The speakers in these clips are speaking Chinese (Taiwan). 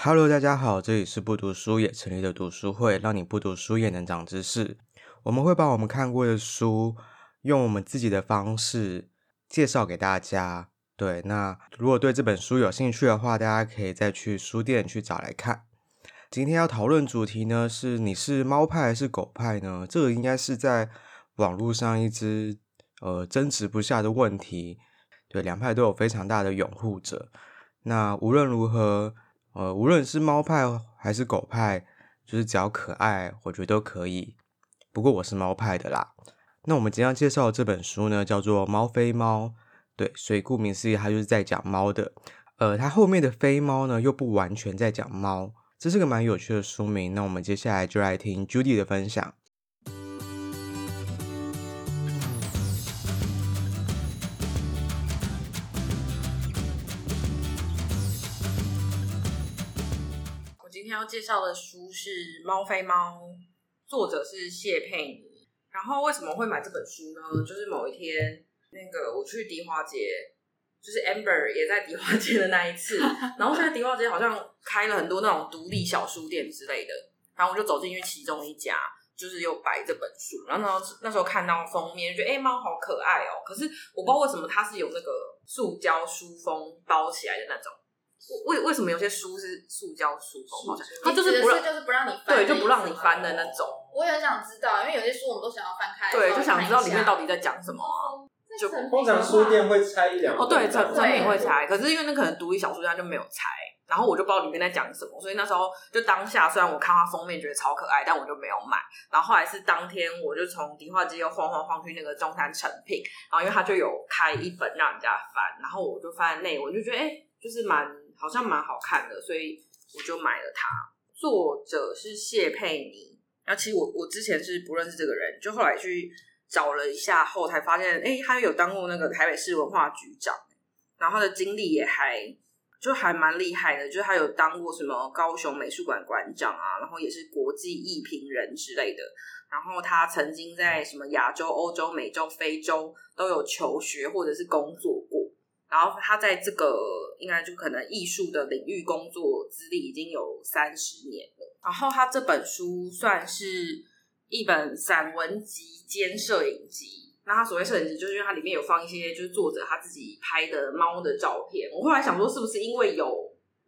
Hello，大家好，這裡是不讀書也成立的讀書會，讓你不讀書也能長知識。我們會把我們看過的書用我們自己的方式介紹給大家。對，那如果對這本書有興趣的話，大家可以再去書店去找來看。今天要討論主題呢，是你是貓派還是狗派呢？這個應該是在網絡上一直，呃，爭執不下的問題。對，兩派都有非常大的擁護者。那無論如何。呃，無論是貓派還是狗派，就是只要可愛，我覺得都可以。不過我是貓派的啦。那我們今天介紹的這本書呢，叫做《貓非貓》。對，所以顧名思義，它就是在講貓的。呃，它後面的“非貓”呢，又不完全在講貓。這是個蠻有趣的書名。那我們接下來就來聽 Judy 的分享。今天要介紹的書是《貓非貓》，作者是謝佩妮。然後為什麼會買這本書呢？就是某一天，那個我去迪化街，就是 Amber 也在迪化街的那一次。然後現在迪化街好像開了很多那種獨立小書店之類的，然後我就走進去其中一家，就是有擺這本書。然後，然後那時候看到封面，就覺得哎，貓好可愛喔。可是我不知道為什麼它是有那個塑膠書封包起來的那種。為為什麼有些書是塑膠書？好像它就是不讓，就是，就是不讓你翻，對讓你翻，對，就不讓你翻的那種我。我也很想知道，因為有些書我們都想要翻開，對，就想知道裡面，裡面到底在講什麼、啊哦。就、啊、就通常書店會拆一兩，哦，對，誠品會拆。可是因為那可能獨立小書家就沒有拆，然後我就不知道裡面在講什麼。所以那時候就當下，雖然我看它封面覺得超可愛，但我就沒有買。然後後來是當天，我就從迪化街又晃，晃晃晃去那個中山誠品，然後因為它就有開一本讓人家翻，嗯、然後我就翻內文，我就覺得哎、欸，就是蠻、嗯。好像蠻好看的，所以我就買了它。作者是謝佩霓，那其實我我之前是不認識這個人，就後來去找了一下後才發現，哎、欸，他有當過那個台北市文化局長，然後他的經歷也還就還蠻厲害的，就是他有當過什麼高雄美術館館長啊，然後也是國際藝評人之類的。然後他曾經在什麼亞洲、歐洲、美洲、非洲都有求學或者是工作過。然後他在這個應該就可能藝術的領域工作資歷已經有三十年了。然後他這本書算是一本散文集兼攝影集。那他所謂攝影集，就是因為它裡面有放一些就是作者他自己拍的貓的照片。我後來想說，是不是因為有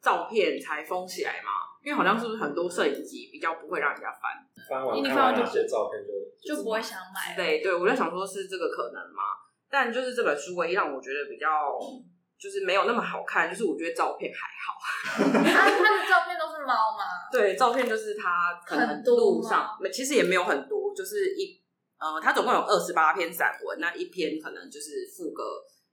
照片才封起來嘛？因為好像是不是很多攝影集比較不會讓人家翻，翻完一翻完就寫照片就就不會想買。對對，我在想說，是這個可能嗎？但就是這本書唯一讓我覺得比較就是沒有那麼好看，就是我覺得照片還好， 啊、他的照片都是貓嗎？對，照片就是他可能路上，其實也沒有很多，就是一呃，他總共有二十八篇散文，那一篇可能就是附個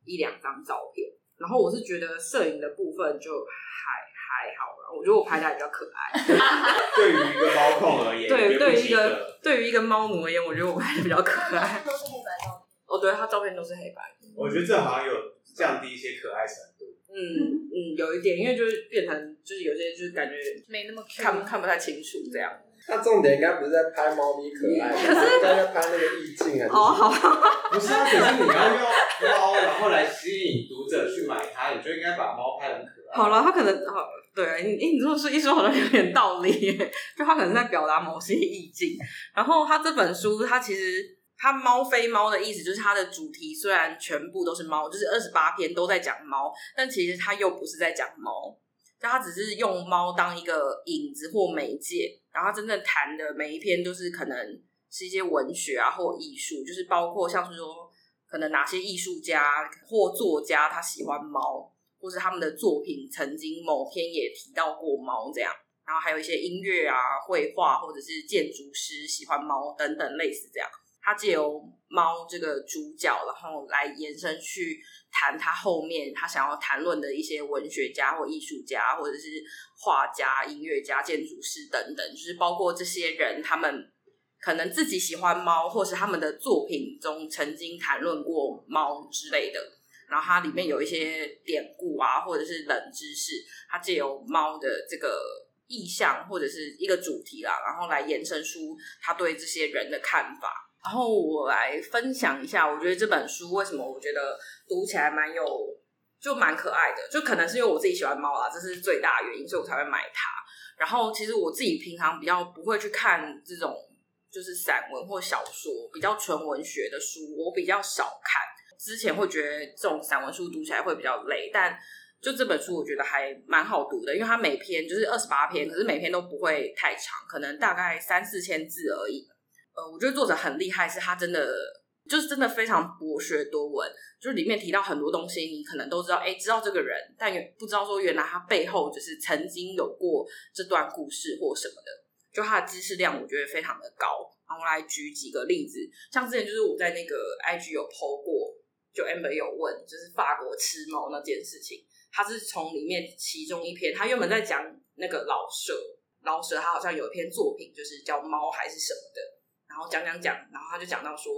一兩張照片。然後我是覺得攝影的部分就還還好了，我覺得我拍的還比較可愛。 對於一個貓控而言，對，對於一個，對於一個貓奴而言，我覺得我拍的比較可愛。 是哦、oh, 啊，對，他照片都是黑白的。我覺得這好像有降低一些可愛程度。嗯嗯，有一點，因為就是變成就是有些就是感覺沒那麼看看不太清楚這樣，嗯。那重點應該不是在拍貓咪可愛，嗯， 應該在拍那個意境啊。哦好，好，不是，可是你要用貓 然後來吸引讀者去買它，你就應該把貓拍很可愛。好了，他可能好對啊，你這麼說一說好像有點道理耶，嗯，就他可能是在表達某些意境。嗯，然後他這本書，他其實。它貓非貓的意思就是它的主題雖然全部都是貓，就是二十八篇都在講貓，但其實它又不是在講貓，它只是用貓當一個影子或媒介，然後他真正談的每一篇都是可能是一些文學啊或藝術，就是包括像是說可能哪些藝術家或作家他喜歡貓，或是他們的作品曾經某篇也提到過貓這樣，然後還有一些音樂啊、繪畫或者是建築師喜歡貓等等類似這樣。他借由貓這個主角，然後來延伸去談他後面他想要談論的一些文學家或藝術家，或者是畫家、音樂家、建築師等等，就是包括這些人他們可能自己喜歡貓，或是他們的作品中曾經談論過貓之類的。然後它裡面有一些典故啊，或者是冷知識。它借由貓的這個意象或者是一個主題啦啊，然後來延伸出他對這些人的看法。然後我來分享一下，我覺得這本書為什麼我覺得讀起來蠻有，就蠻可愛的，就可能是因為我自己喜歡貓啦，這是最大的原因，所以我才會買它。然後其實我自己平常比較不會去看這種就是散文或小說，比較純文學的書，我比較少看。之前會覺得這種散文書讀起來會比較累，但就這本書我覺得還蠻好讀的，因為它每篇就是二十八篇，可是每篇都不會太長，可能大概三四千字而已。呃，我覺得作者很厲害，是他真的就是真的非常博學多聞，就是裡面提到很多東西，你可能都知道，哎，知道這個人，但也不知道說原來他背後就是曾經有過這段故事或什麼的，就他的知識量我覺得非常的高。然後我來舉幾個例子，像之前就是我在那個 IG 有 PO 過，就 Amber 有問，就是法國吃貓那件事情，他是從裡面其中一篇，他原本在講那個老舍，老舍他好像有一篇作品就是叫貓還是什麼的。然後講講講，然後他就講到說，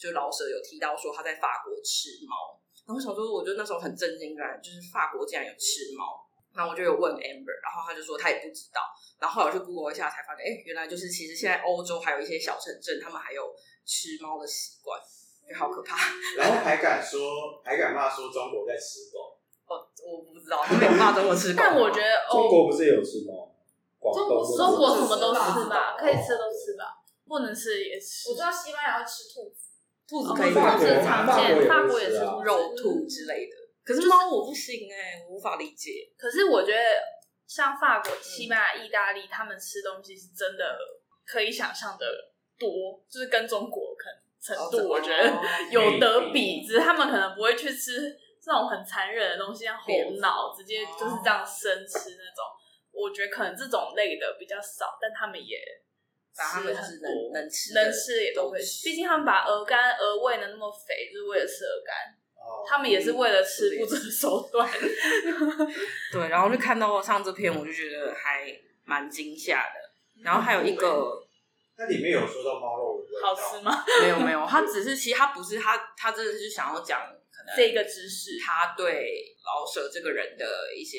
就老舍有提到說他在法國吃貓。然後我想說，我覺得那時候很震驚感，就是法國竟然有吃貓。然後我就有問 Amber，然後他就說他也不知道。然後，後來我去 Google 一下，才發現，哎，原來就是其實現在歐洲還有一些小城鎮，他們還有吃貓的習慣，也好可怕、嗯嗯。然後還敢說，還敢罵說中國在吃狗？哦，我不知道，他沒罵中國吃狗， 但我覺得、哦、中國不是有吃貓？中中國什麼都吃吧、哦，可以吃都吃吧。哦不能吃也吃。我知道西班牙要吃兔子，兔子可以，兔子常見。法國也吃、啊、國也是肉兔之類的，就是、可是貓我不行哎、欸就是，無法理解。可是我覺得像法國、西班牙、意大利，他們吃東西是真的可以想象的多、嗯，就是跟中國可能程度，我、哦、覺得 有得比、欸欸。只是他們可能不會去吃這種很殘忍的東西，像猴腦直接就是這樣生吃那種。我覺得可能這種類的比較少，嗯、但他們也。把他們就是能吃能吃的能吃也都會吃，畢竟他們把鵝肝鵝胃呢那麼肥，就是為了吃鵝肝、哦。他們也是為了吃不擇手段。 對，然後就看到上這篇，我就覺得還蠻驚嚇的、嗯。然後還有一個，那、嗯、裡面有說到貓肉，好吃嗎？ 沒有沒有，他只是其實他不是他他真的是想要講可能這個知識，他對老舍這個人的一些。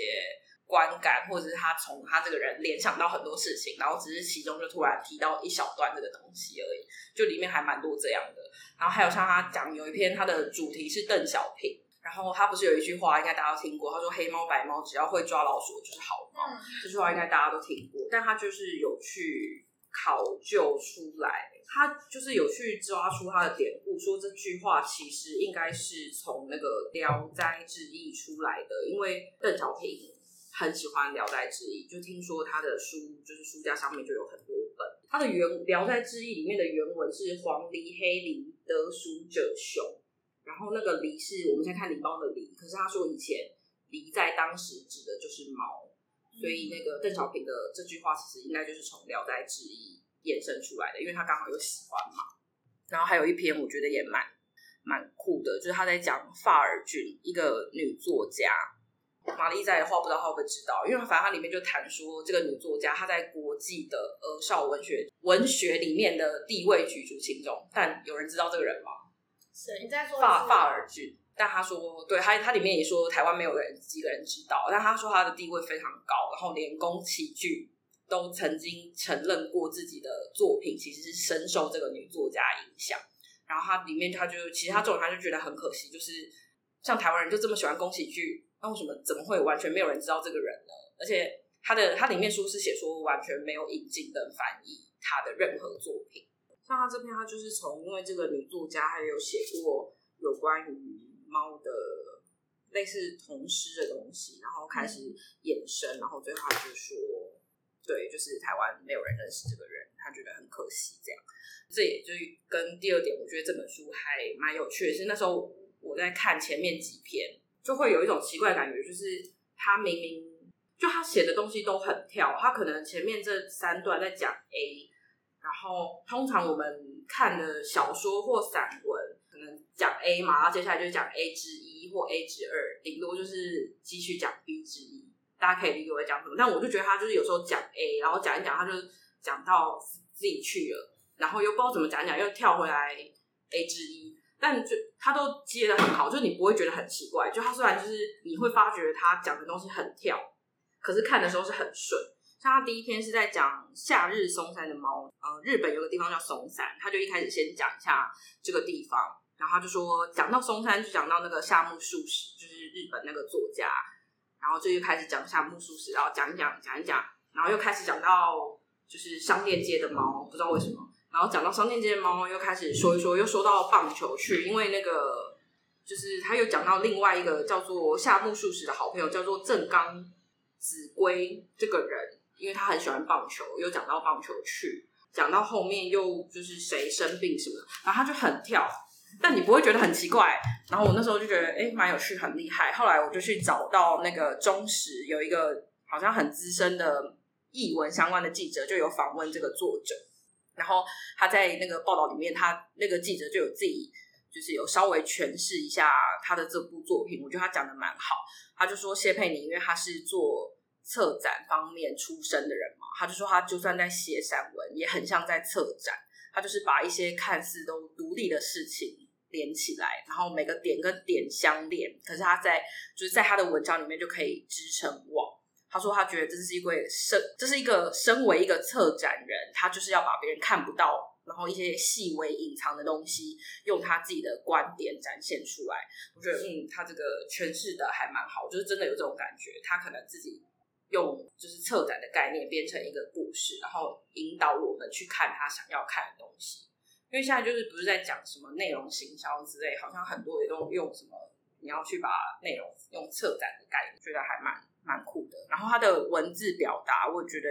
觀感，或者是他從他這個人聯想到很多事情，然後只是其中就突然提到一小段這個東西而已，就裡面還蠻多這樣的。然後還有像他講有一篇，他的主題是鄧小平，然後他不是有一句話，應該大家都聽過，他說“黑貓白貓，只要會抓老鼠就是好貓、嗯”，這句話應該大家都聽過。但他就是有去考究出來，他就是有去抓出他的典故，說這句話其實應該是從那個《聊齋志異》出來的，因為鄧小平。很喜歡《聊齋志異》，就聽說他的書就是書架上面就有很多本。他的原《聊齋志異》裡面的原文是“黃狸黑狸，得鼠者雄”，然後那個“狸”是我們先看狸貓的“狸”，可是他說以前“狸”在當時指的就是貓，所以那個鄧小平的這句話其實應該就是從《聊齋志異》衍生出來的，因為他剛好又喜歡嘛。然後還有一篇我覺得也蠻蠻酷的，就是他在講發爾郡一個女作家。瑪麗在的話不知道會不會知道，因為反正它裡面就談說這個女作家她在國際的兒少文學文學裡面的地位舉足輕重，但有人知道這個人嗎？是你在說法、法爾俊，但他說對他他裡面也說台灣沒有人幾個人知道，但他說他的地位非常高，然後連宮崎駿都曾經承認過自己的作品其實是深受這個女作家影響，然後他裡面他就其實他這種他就覺得很可惜，嗯、就是像台灣人就這麼喜歡宮崎駿。那為什麼怎麼會完全沒有人知道這個人呢？而且他的他的裡面書是寫說完全沒有引進跟翻譯他的任何作品。像他這篇，他就是從因為這個女作家，她有寫過有關於貓的類似童詩的東西，然後開始衍生、嗯，然後最後他就說，對，就是台灣沒有人認識這個人，他覺得很可惜這樣。這也就跟第二點，我覺得這本書還蠻有趣的是，那時候我在看前面幾篇。就會有一種奇怪的感覺，就是他明明就他寫的東西都很跳，他可能前面這三段在講 A，然後通常我們看的小說或散文，可能講 A 嘛，然後接下來就講 A 之一或 A 之二，頂多就是繼續講 B 之一，大家可以理解我在講什麼。但我就覺得他就是有時候講 A，然後講一講，他就講到自己去了，然後又不知道怎麼講講，又跳回來 A 之一。但就他都接的很好，就是你不會覺得很奇怪。就他雖然就是你會發覺他講的東西很跳，可是看的時候是很順。像他第一天是在講夏日松山的貓，呃，日本有個地方叫松山，他就一開始先講一下這個地方，然後他就說講到松山就講到那個夏目漱石，就是日本那個作家，然後就又開始講夏目漱石，然後講一講講一講，然後又開始講到就是商店街的貓，不知道為什麼。然後講到商店街貓，又開始說一說，又說到棒球去，因為那個就是他又講到另外一個叫做夏目漱石的好朋友，叫做正岡子規這個人，因為他很喜歡棒球，又講到棒球去，講到後面又就是誰生病什麼，然後他就很跳，但你不會覺得很奇怪。然後我那時候就覺得哎，蠻有趣，很厲害。後來我就去找到那個中時，有一個好像很資深的藝文相關的記者，就有訪問這個作者。然後他在那個報道裡面，他那個記者就有自己，就是有稍微詮釋一下他的這部作品。我覺得他講的蠻好，他就說謝佩妮，因為他是做策展方面出身的人嘛，他就說他就算在寫散文，也很像在策展。他就是把一些看似都獨立的事情連起來，然後每個點跟點相連，可是他在就是在他的文章裡面就可以織成網。他說：“他覺得這是一個身，這是一個身為一個策展人，他就是要把別人看不到，然後一些細微隱藏的東西，用他自己的觀點展現出來。我覺得，嗯，他這個詮釋的還蠻好，就是真的有這種感覺。他可能自己用就是策展的概念，變成一個故事，然後引導我們去看他想要看的東西。因為現在就是不是在講什麼內容行銷之類，好像很多也都用什麼你要去把內容用策展的概念，覺得還蠻。”蠻酷的，然後他的文字表達，我覺得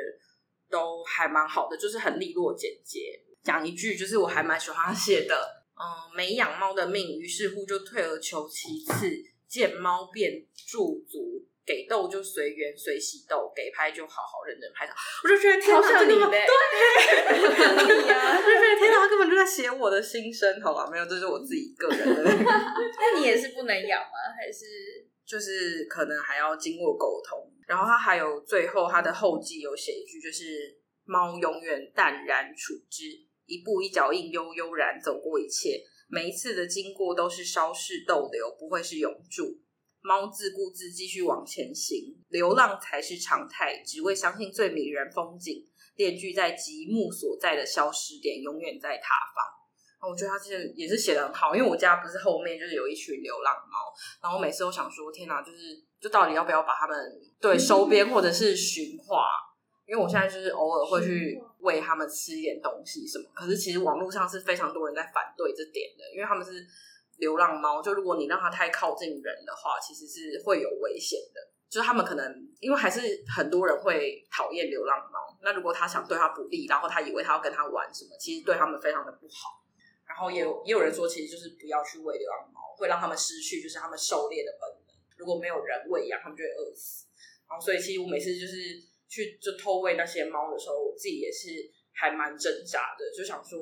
都還蠻好的，就是很利落簡潔。講一句，就是我還蠻喜歡他寫的，嗯，沒養貓的命，於是乎就退而求其次，見貓便駐足，給逗就隨緣，隨喜逗，給拍就好好認真拍照。我就覺得超像你嘞，對，啊！ 天哪，他根本就在寫我的心聲，好吧？沒有，這、就是我自己一個人的、那個。那 你也是不能養嗎？還是？就是可能還要經過溝通，然後他還有最後他的後記有寫一句，就是貓永遠淡然處之，一步一腳印悠悠然走過一切，每一次的經過都是稍事逗留，不會是永駐。貓自顧自繼續往前行，流浪才是常態，只為相信最迷人風景。列句在極目所在的消失點，永遠在他方。我覺得他之前也是寫的很好，因為我家不是後面就是有一群流浪貓，然後我每次都想說天哪、啊，就是就到底要不要把它們對收編或者是馴化？ 因為我現在就是偶爾會去餵他們吃一點東西什麼。可是其實網絡上是非常多人在反對這點的，因為他們是流浪貓，就如果你讓它太靠近人的話，其實是會有危險的。就是他們可能因為還是很多人會討厭流浪貓，那如果他想對他不利，然後他以為他要跟他玩什麼，其實對他們非常的不好。然後也有也有人說，其實就是不要去餵流浪貓，會讓他們失去就是他們狩獵的本能。如果沒有人餵養，他們就會餓死。然後所以其實我每次就是去就偷餵那些貓的時候，我自己也是還蠻掙扎的，就想說，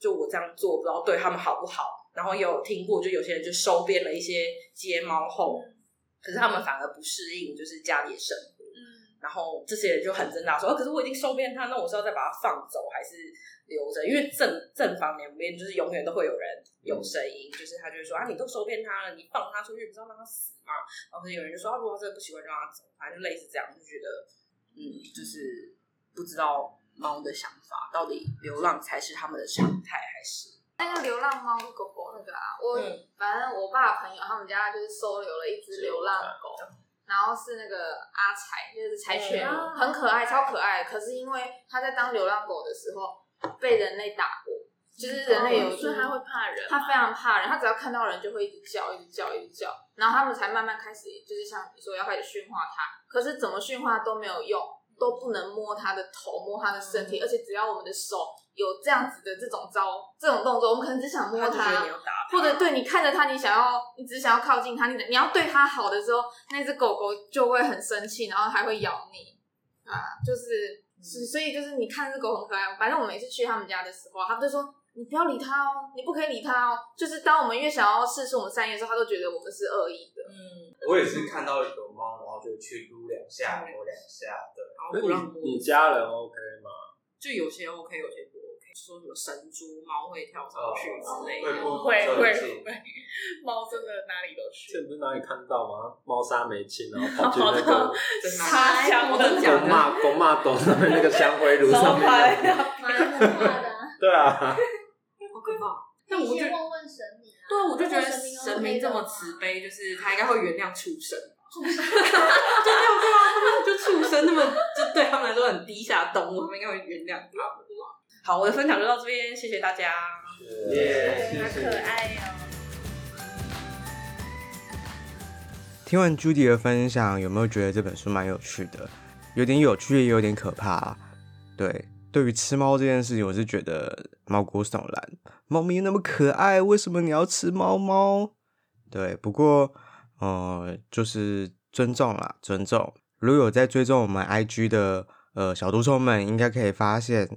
就我這樣做不知道對他們好不好。然後又有聽過就有些人就收編了一些街貓後，可是他們反而不適應，就是家裡的生活。然後這些人就很掙扎說、啊，可是我已經收編他，那我是要再把他放走還是留着？因為正正反兩邊就是永遠都會有人有聲音，嗯、就是他就是說啊，你都收編他了，你放他出去你不是讓他死嗎？然後有人就說啊，如果他真的不喜歡就讓他走，反正類似這樣，就覺得嗯，就是不知道貓的想法到底，流浪才是他們的常態還是那個流浪貓狗狗那個啊，我、嗯、反正我爸的朋友他們家就是收留了一隻流浪狗。嗯然後是那個阿柴，就是柴犬，啊、很可愛，超可愛。可是因為他在當流浪狗的時候被人類打過，其、就、實、是、人類有、就是，所以他會怕人。他非常怕人，他只要看到人就會一直叫，一直叫，一直叫。然後他們才慢慢開始，就是像你說要開始馴化他。可是怎麼馴化都沒有用，都不能摸他的頭，摸他的身體，而且只要我們的手有這樣子的這種招這種動作，我們可能只想摸它，或者對你看着它，你想要、嗯、你只想要靠近它，你的你要對它好的時候，那只狗狗就會很生氣，然後還會咬你、嗯、啊！就是、嗯，所以就是你看這狗很可愛，反正我們每次去他們家的時候，他們都說你不要理它哦，你不可以理它哦。就是當我們越想要試試我們善意的時候，他都覺得我們是惡意的。嗯，我也是看到有貓，然後就去擼兩下摸兩下，的、嗯、那、欸、你,你家人 OK 嗎？就有些 OK，有些。說什麼神豬貓會跳上去之類的，哦哦、會會會，貓真的哪裡都去。這不是哪裡看到嗎？貓砂沒清，然後跑進來、那個、哦、都插香，狗罵狗罵狗，上面那個香灰爐上、那個、啊媽媽、啊 對啊，好、哦、可怕。但我就問、問神明、啊，對，我就覺得神明、啊、神明這麼慈悲，就是他應該會原諒畜生。對啊，對 啊， 就畜生，那麼就對他們來說很低下動物，他 們應該會原諒他們。好，我的分享就到這邊，嗯，謝謝大家。Yeah, yeah, 謝謝，好可愛哦！聽完 Judy 的分享，有沒有覺得這本書蠻有趣的？有點有趣，也有點可怕啊。對，對於吃貓這件事情，我是覺得毛骨悚然。貓咪那麼可愛，為什麼你要吃貓貓？對，不過呃，就是尊重啦，尊重。如果有在追蹤我們 IG 的呃小毒蟲們，應該可以發現。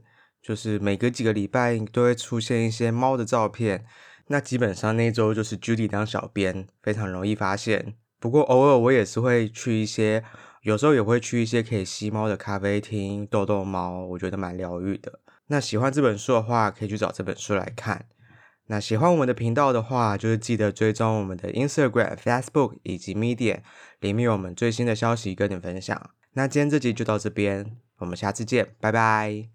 就是每隔幾個禮拜都會出現一些貓的照片，那基本上那周就是 Judy 當小編，非常容易發現。不過偶爾我也是會去一些，有時候也會去一些可以吸貓的咖啡廳逗逗貓，我覺得蠻療癒的。那喜歡這本書的話，可以去找這本書來看。那喜歡我們的頻道的話，就是記得追蹤我們的 Instagram、Facebook 以及 Media，裡面有我們最新的消息跟您分享。那今天這集就到這邊，我們下次見，拜拜。